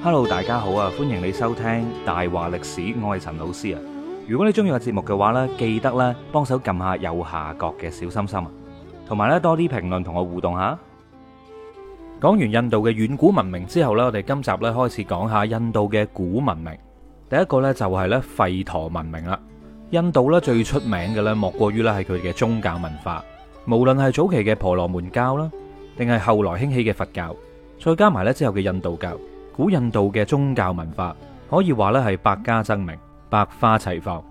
hello，大家好啊！歡迎你收聽大話歷史，我係陳老師啊。如果你中意個節目嘅話呢，記得咧幫手撳下右下角嘅小心心，同埋呢多啲評論同我互動下。講完印度嘅遠古文明之後呢，我哋今集呢開始講下印度嘅古文明。第一個呢就係呢吠陀文明啦。印度呢最出名嘅呢，莫過於呢係佢嘅宗教文化，無論係早期嘅婆羅門教啦，定係後來興起嘅佛教，再加埋呢之後嘅印度教。古印度嘅宗教文化可以話咧係百家爭鳴、百花齊放。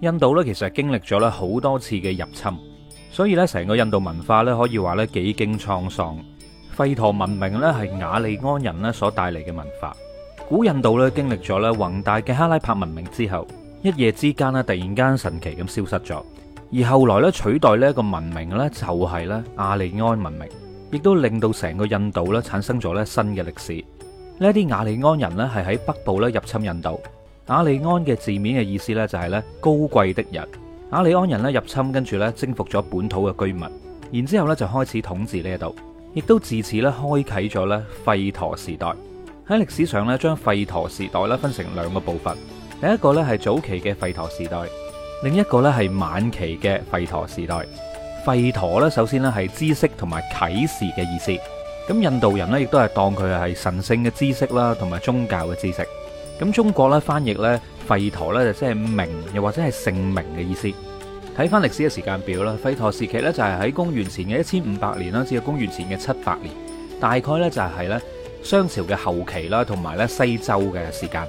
印度咧其實經歷咗咧好多次嘅入侵，所以咧成個印度文化咧可以話咧幾經滄桑。吠陀文明咧係雅利安人所帶嚟嘅文化。古印度咧經歷咗咧宏大嘅哈拉帕文明之後，一夜之間咧突然間神奇咁消失咗，而後來咧取代呢一個文明咧就係咧雅利安文明，亦都令到成個印度咧產生咗咧新嘅歷史。呢啲雅利安人呢，係喺北部咧入侵印度。雅利安嘅字面嘅意思呢，就係高貴的人。雅利安人呢，入侵，跟住征服咗本土嘅居民，然之後呢，就開始統治呢一度，亦都自此呢，開啟咗呢吠陀時代。喺歷史上呢，將吠陀時代咧分成兩個部分，第一個呢，係早期嘅吠陀時代，另一個呢，係晚期嘅吠陀時代。吠陀呢，首先呢，係知識同埋啟示嘅意思。咁印度人咧，亦都係當佢係神聖嘅知識啦，同埋宗教嘅知識。咁中國咧翻譯咧吠陀咧，就即係名，又或者係姓名嘅意思。睇翻歷史嘅時間表啦，吠陀時期咧就係喺公元前嘅一千五百年啦，至到公元前嘅七百年，大概咧就係咧商朝嘅後期啦，同埋咧西周嘅時間。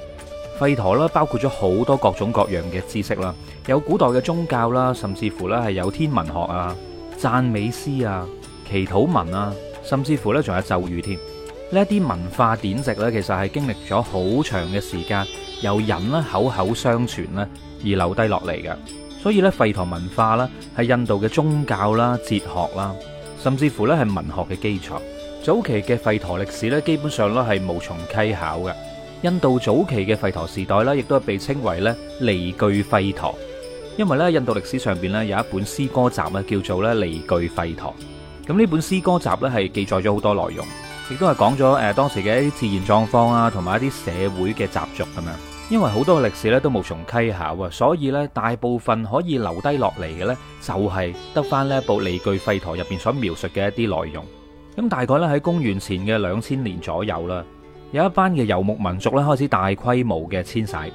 吠陀啦包括咗好多各種各樣嘅知識啦，有古代嘅宗教啦，甚至乎咧係有天文學啊、讚美詩啊、祈禱文啊。甚至乎咧，仲有咒語添。呢啲文化典籍咧，其實係經歷咗好長嘅時間，由人咧口口相傳咧而留低落嚟嘅。所以呢，吠陀文化啦，係印度嘅宗教啦、哲學啦，甚至乎呢係文學嘅基礎。早期嘅吠陀歷史咧，基本上咧係無從稽考嘅。印度早期嘅吠陀時代呢，亦都係被稱為呢「梨俱吠陀」，因為呢，印度歷史上邊咧有一本詩歌集啊，叫做咧梨俱吠陀。咁呢本詩歌集呢，係記載咗好多內容，亦都係講咗誒當時嘅一啲自然狀況啊，同埋一啲社會嘅習俗咁樣。因為好多歷史呢都無從稽考啊，所以呢大部分可以留低落嚟嘅呢，就係得返呢一部《梨俱吠陀》入邊所描述嘅一啲內容。咁大概呢，喺公元前嘅兩千年左右啦，有一班嘅遊牧民族呢開始大規模嘅遷徙。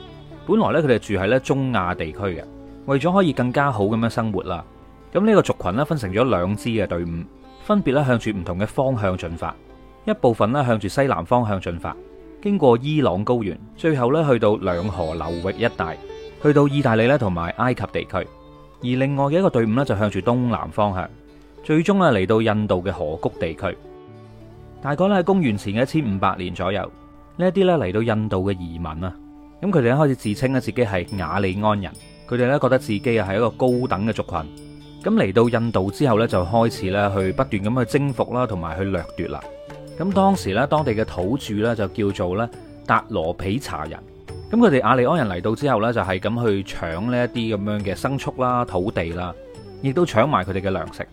本來呢，佢哋住喺呢中亞地區嘅，為咗可以更加好咁樣生活啦。咁、這、呢個族群呢，分成咗兩支嘅隊伍。分別咧向住唔同嘅方向進發，一部分咧向住西南方向進發，經過伊朗高原，最後咧去到兩河流域一帶，去到意大利咧同埋埃及地區；而另外嘅一個隊伍咧就向住東南方向，最終啊嚟到印度嘅河谷地區。大概咧喺公元前嘅一千五百年左右，呢一啲咧嚟到印度嘅移民啊，咁佢哋開始自稱咧自己係雅利安人，佢哋咧覺得自己啊係一個高等嘅族群。咁嚟到印度之後咧，就開始咧去不斷咁去征服啦，同埋去掠奪啦。咁當時咧，當地嘅土著咧就叫做咧達羅毗荼人。咁佢哋亞利安人嚟到之後咧，就係咁去搶呢一啲咁樣嘅牲畜啦、土地啦，亦都搶埋佢哋嘅糧食。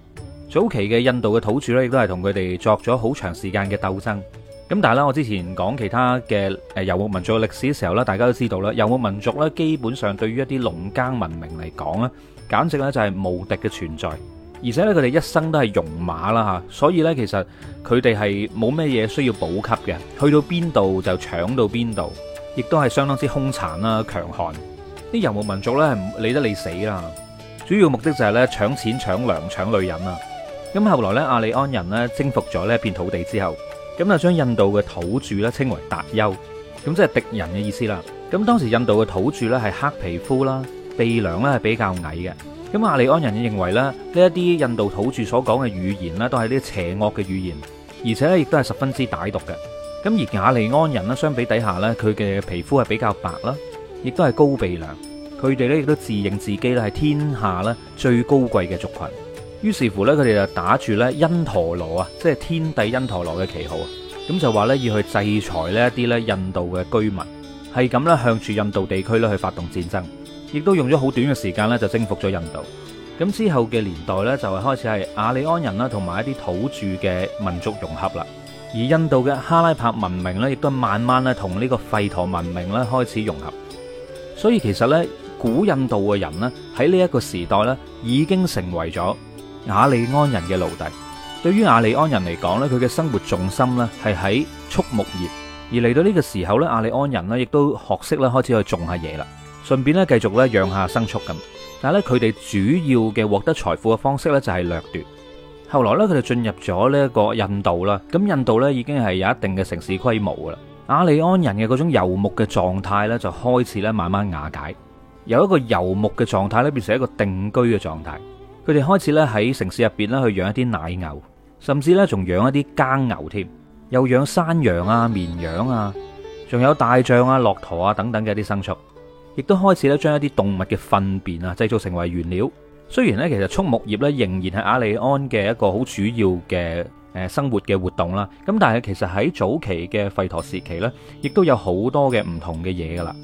早期嘅印度嘅土著咧，亦都係同佢哋作咗好長時間嘅鬥爭。咁但係咧，我之前講其他嘅誒遊牧民族歷史嘅時候咧，大家都知道咧，遊牧民族咧基本上對於一啲農耕文明嚟講咧。簡直咧就係無敵嘅存在，而且咧佢哋一生都係戎馬啦嚇，所以咧其實佢哋係冇咩嘢需要補給嘅，去到邊度就搶到邊度，亦都係相當之兇殘啦、強悍。啲遊牧民族咧係唔理得你死啦，主要目的就係咧搶錢、搶糧、搶女人啊。咁後來咧，阿里安人呢征服咗呢一片土地之後，咁就將印度嘅土著咧稱為達丘，咁即係敵人嘅意思啦。咁當時印度嘅土著咧係黑皮膚啦。鼻梁咧係比較矮嘅，咁亞利安人認為咧呢一啲印度土著所講嘅語言呢，都係啲邪惡嘅語言，而且呢亦都係十分之歹毒嘅。咁而雅利安人呢，相比底下呢，佢嘅皮膚係比較白啦，亦都係高鼻梁。佢哋呢亦都自認自己咧係天下呢最高貴嘅族群。於是乎呢，佢哋就打住咧因陀羅啊，即係天帝因陀羅嘅旗號啊，咁就話呢，要去制裁呢一啲咧印度嘅居民，係咁啦，向住印度地區咧去發動戰爭。亦都用咗好短嘅時間咧，就征服咗印度。咁之後嘅年代咧，就係開始係雅利安人啦，同埋一啲土著嘅民族融合啦。而印度嘅哈拉帕文明咧，亦都慢慢咧同呢個吠陀文明咧開始融合。所以其實呢，古印度嘅人呢，喺呢一個時代呢，已經成為咗雅利安人嘅奴隸。對於雅利安人嚟講呢，佢嘅生活重心呢，係喺畜牧業，而嚟到呢個時候呢，雅利安人呢，亦都學識咧開始去種下嘢啦。順便咧繼續咧養下牲畜，咁，但係咧佢哋主要嘅獲得財富嘅方式咧就係掠奪。後來咧佢哋進入咗呢一個印度啦，咁印度咧已經係有一定嘅城市規模噶啦。亞利安人嘅嗰種遊牧嘅狀態咧就開始咧慢慢瓦解，由一個遊牧嘅狀態咧變成一個定居嘅狀態。佢哋開始咧喺城市入邊咧去養一啲奶牛，甚至咧仲養一啲耕牛添，又養山羊啊、綿羊啊，仲有大象啊、駱駝啊等等嘅一啲牲畜。亦都開始咧將一啲動物嘅糞便啊製造成為原料。雖然咧其實畜牧業咧仍然係阿里安嘅一個好主要嘅誒生活嘅活動啦。咁但係其實喺早期嘅吠陀時期咧，亦都有好多嘅唔同嘅嘢㗎喇，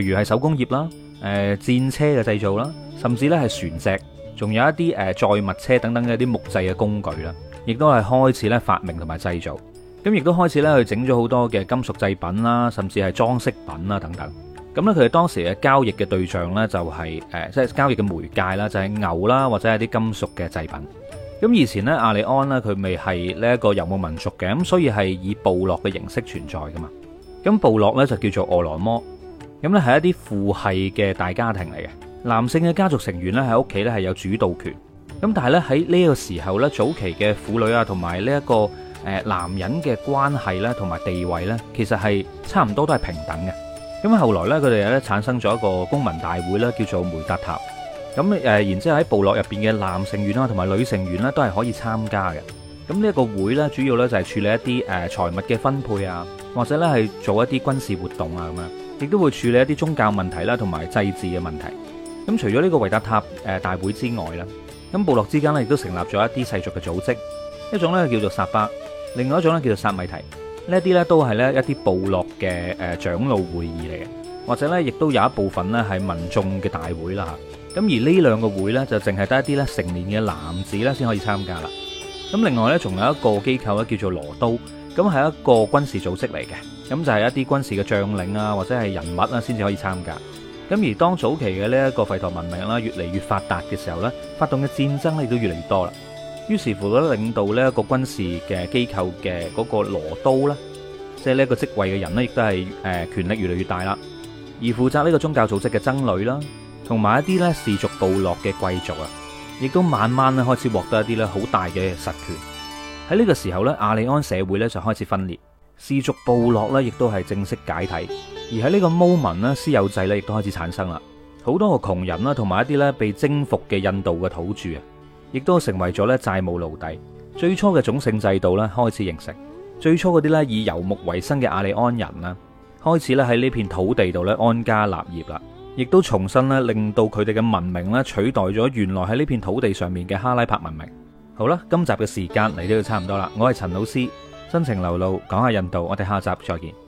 例如係手工業啦、誒戰車嘅製造啦，甚至咧係船隻，仲有一啲誒載物車等等嘅一啲木製嘅工具啦，亦都係開始咧發明同埋製造。咁亦都開始咧去整咗好多嘅金屬製品啦，甚至係裝飾品啦等等。咁咧，佢哋當時嘅交易嘅對象呢，就係誒，就係即係交易嘅媒介啦，就係牛啦，或者係啲金屬嘅製品。咁以前呢，阿里安呢，佢咪係呢一個遊牧民族嘅，咁所以係以部落嘅形式存在噶嘛。咁部落呢，就叫做俄羅摩，咁呢，係一啲父系嘅大家庭嚟嘅。男性嘅家族成員呢，喺屋企呢係有主導權。咁但係呢，喺呢個時候呢，早期嘅婦女啊，同埋呢一個男人嘅關係呢，同埋地位呢，其實係差唔多都係平等嘅。咁後來咧，佢哋咧產生咗一個公民大會咧，叫做梅達塔。咁誒，然之後喺部落入邊嘅男成員啦，同埋女成員咧，都係可以參加嘅。咁呢一個會咧，主要咧就係處理一啲誒財物嘅分配啊，或者咧係做一啲軍事活動啊咁樣，亦都會處理一啲宗教問題啦，同埋祭祀嘅問題。咁除咗呢個維達塔誒大會之外啦，咁部落之間咧亦都成立咗一啲世俗嘅組織，一種咧叫做薩巴，另外一種咧叫做薩米提。呢一啲咧都係咧一啲部落嘅誒長老會議嚟嘅，或者咧亦都有一部分咧係民眾嘅大會啦嚇。咁而呢兩個會呢，就淨係得一啲咧成年嘅男子咧先可以參加啦。咁另外呢，仲有一個機構咧叫做羅都，咁係一個軍事組織嚟嘅，咁就係、是、一啲軍事嘅將領啊或者係人物啊先至可以參加。咁而當早期嘅呢一個吠陀文明啦越嚟越發達嘅時候呢，發動嘅戰爭咧都越嚟越多啦。於是乎咧，領導呢一個軍事嘅機構嘅嗰個羅都咧，即係呢一個職位嘅人呢，亦都係誒權力越嚟越大啦。而負責呢個宗教組織嘅僧侶啦，同埋一啲呢氏族部落嘅貴族啊，亦都慢慢咧開始獲得一啲呢好大嘅實權。喺呢個時候呢，阿里安社會呢就開始分裂，氏族部落呢亦都係正式解體，而喺呢個 moment 呢，私有制呢亦都開始產生啦。好多個窮人啦，同埋一啲呢被征服嘅印度嘅土著啊，亦都成為咗咧債務奴隸，最初嘅種姓制度咧開始形成，最初嗰啲咧以游牧為生嘅阿里安人啦，開始咧喺呢片土地度咧安家立業啦，亦都重新咧令到佢哋嘅文明咧取代咗原來喺呢片土地上面嘅哈拉帕文明。好啦，今集嘅時間嚟到差唔多啦，我係陳老師，真情流露，講下印度，我哋下集再見。